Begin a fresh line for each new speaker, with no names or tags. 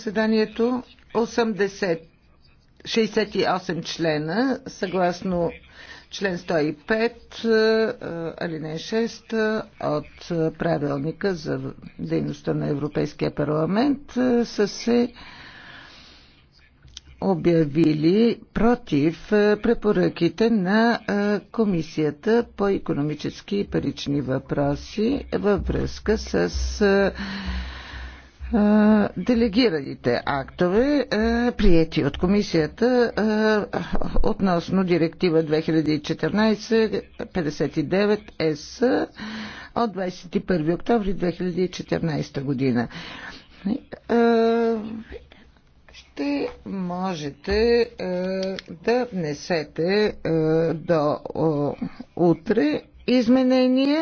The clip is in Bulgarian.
заседанието 80, 68 члена, съгласно член 105, е, алинея 6 от правилника за дейността на Европейския парламент е, са се обявили против е, препоръките на Комисията по економически и парични въпроси във връзка с делегираните актове, приети от комисията относно директива 2014-59 ЕС от 21 октомври 2014 година. Ще можете да внесете до утре изменения